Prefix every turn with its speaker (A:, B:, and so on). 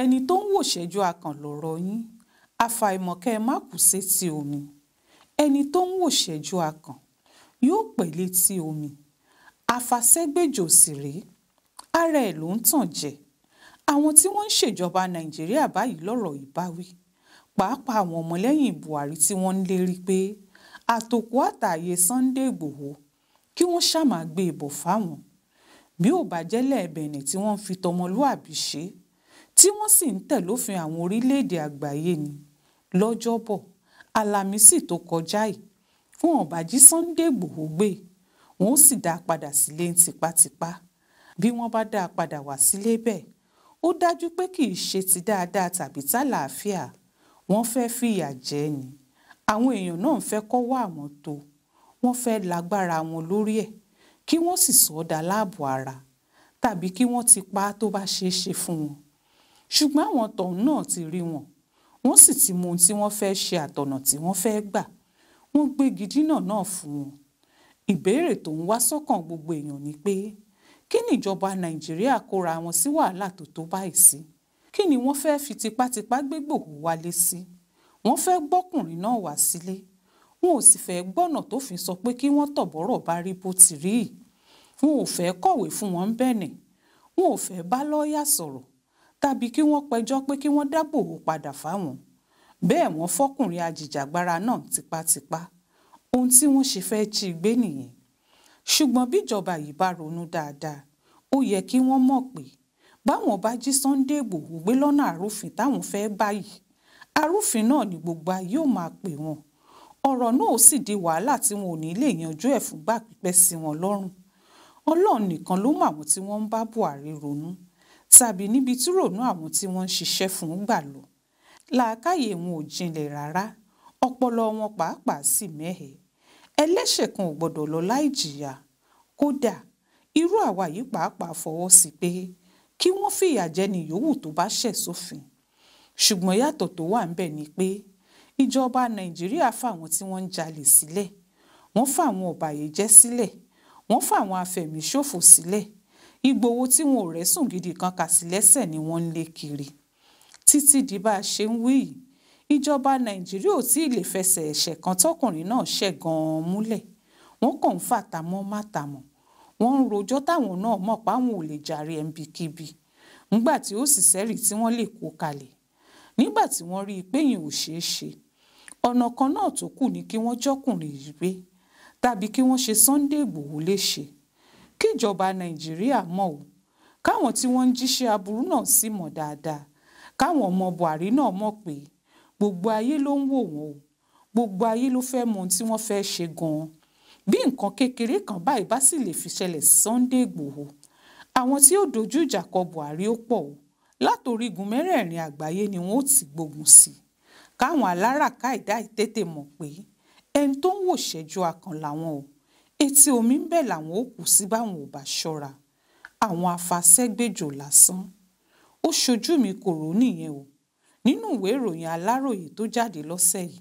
A: ẹni tó ń wòṣẹ́jú akàn lọ̀rọ̀ yín àfàìmọ̀ kẹ́ ẹ má kù sétí omi ẹni tó ń wòṣẹ́jú akàn yóò pẹ́ létí omi àfàsẹ́gbèjò sì rèé ara ẹ̀ ló ń tàn jẹ àwọn tí wọ́n ń ṣèjọba nàìjíríà báyìí lọ́rọ̀ ìbáwí pàápàá àwọn ọmọlẹ́yìn buhari tí wọ́n ń lérí pé àtòkù àtàyè sunday igbòho kí wọ́n ṣàmà ìbò fáwọn bí ò bá jẹ́lẹ̀ ẹ̀bẹ̀nẹ̀ tí wọ́n ń fi tọmọlúàbí ṣe é tí wọ́n sì ń tẹ̀lófin àwọn orílẹ̀-èdè àgbáyé ni lọ́jọ́bọ̀ alámísì tó kọjá yìí fún ọ̀bàjí Sunday Ìgbòho gbé wọn ó sì dá a padà sílé ní tipátipá bí wọ́n bá dá a padà wá sílé bẹ́ẹ̀ ó dájú pé kì í ṣe ti dáadáa tàbí tàlàáfíà wọ́n fẹ́ fìyà jẹ ni àwọn èèyàn náà ń fẹ́ kọ́wọ́ àwọn tó wọ́n fẹ́ lágbára wọn lórí ẹ̀ kí wọ́n sì sọ ọ́ dà láàbò ara tàbí kí wọ́n ti pa á tó bá ṣeé ṣe fún wọn ṣùgbọ́n àwọn tọ̀hún náà ti rí wọn wọ́n sì ti mú ohun tí wọ́n fẹ́ ṣe àtọ̀nà tí wọ́n fẹ́ gbà wọ́n gbégi dínà náà fún wọn ìbéèrè tó ń wá sọ́kàn gbogbo èèyàn ni pé kí ni ìjọba nàìjíríà kóra wọn sí wàhálà tó tó báyìí sí kí ni wọ́n fẹ́ fi tipátipá gbégbòho wálé sí wọ́n fẹ́ gbọ́kùnrin náà wá sílé wọn ò sì fẹ́ gbọ́nà tó fi sọ pé kí wọ́n tọ̀bọ̀rọ̀ bá rí bó ti rí wọn ò fẹ́ kọ̀wé fún wọn bẹ̀nẹ̀ wọn ò fẹ́ bá lọ́ọ̀yà sọ̀rọ̀ tàbí kí wọ́n pẹjọ́ pé kí wọ́n dá Ìgbòho padà fáwọn bẹ́ẹ̀ wọ́n fọ́kùnrin ajìjàgbara náà tipátipá ohun tí wọ́n ṣe fẹ́ jí gbé nìyẹn ṣùgbọ́n bíjọba yìí bá ronú dáadáa ó yẹ kí wọ́n mọ̀ pé báwọn bá jí Sunday Ìgbòho gbé lọ́nà àrùfin táwọn fẹ́ẹ́ báyìí arúfin náà ni gbogbo ayé ò máa pè wọn ọ̀rọ̀ náà ó sì di wàhálà tí wọn ò ní lè yanjú ẹ̀ fúngbà pípẹ́ sí wọn lọ́rùn Ọlọ́run nìkan ló mọ àwọn tí wọ́n ń bá Buhari ronú tàbí níbi tí rònú àwọn tí wọ́n ń ṣiṣẹ́ fún gbà lọ. làákàyè wọn ò jinlẹ̀ rárá ọpọlọ wọn pàápàá sì mẹ́hẹ̀ ẹlẹ́ṣẹ̀ kan ò gbọ́dọ̀ lọ láì jìyà kódà irú àwa yìí pàápàá fọwọ́ sí pé kí wọ́n fìyà jẹni yòówù tó bá ṣẹ̀ sófin ṣùgbọ́n yàtọ̀ tó wà ńbẹ̀ ni pé ìjọba nàìjíríà fáwọn tí wọ́n ń jalè sílẹ̀ wọ́n fáwọn ọ̀bàyéjẹ́ sílẹ̀ wọ́n fáwọn afẹ̀míṣòfò sílẹ̀ Ìgbòho tí wọn ò rẹ́sùn gidi kan kà sí lẹ́sẹ̀ ni wọ́n ń lé kiri títí di bá a ṣe ń wí yìí ìjọba nàìjíríà ò tí ì lè fẹsẹ̀ ẹ̀ṣẹ̀ kan tọkùnrin náà ṣẹ̀ gan-an múlẹ̀ wọ́n kàn ń fàtàmọ́ mátàmọ́ wọ́n ń rojọ́ táwọn náà mọ̀ páwọn ò lè jàre ẹ̀ǹbìkíbi ńgbà tí ó sì sẹ́rìí tí wọ́n lè kó kalẹ̀ nígbà tí wọ́n rí i pé yìí ò ṣeé ṣe ọ̀nà kan náà tó kù ni kí wọ́n jọ́kùnrin yìí gbé tàbí kí wọ́n ṣe Sunday Ìgbòho léṣe kíjọba nàìjíríà mọ̀ o káwọn tí wọ́n ń jíṣẹ́ aburú náà sì mọ̀ dáadáa káwọn ọmọ buhari náà mọ̀ pé gbogbo ayé ló ń wò wọ́n o gbogbo ayé ló fẹ́ mọ ohun tí wọ́n fẹ́ ṣe gan-an bí nǹkan kékeré kan báyìí bá sì lè fi ṣẹlẹ̀ Sunday Ìgbòho àwọn tí ó dojú ìjà kọ buhari ó pọ̀ o látorígun mẹ́rẹ̀ẹ̀rin àgbáyé ni wọ́n ó ti gbógun sí i káwọn aláràká ìdá ìtètè mọ̀ pé ẹni tó ń wòṣẹ́jú akàn làwọn o etí omi ń bẹ̀ làwọn ò kù sí báwọn ò bá ṣọ́ra àwọn afasẹ́gbèjò lásán ó ṣojú mi kò rò nìyẹn o nínú ìwé ìròyìn aláròye tó jáde lọ́sẹ̀ yìí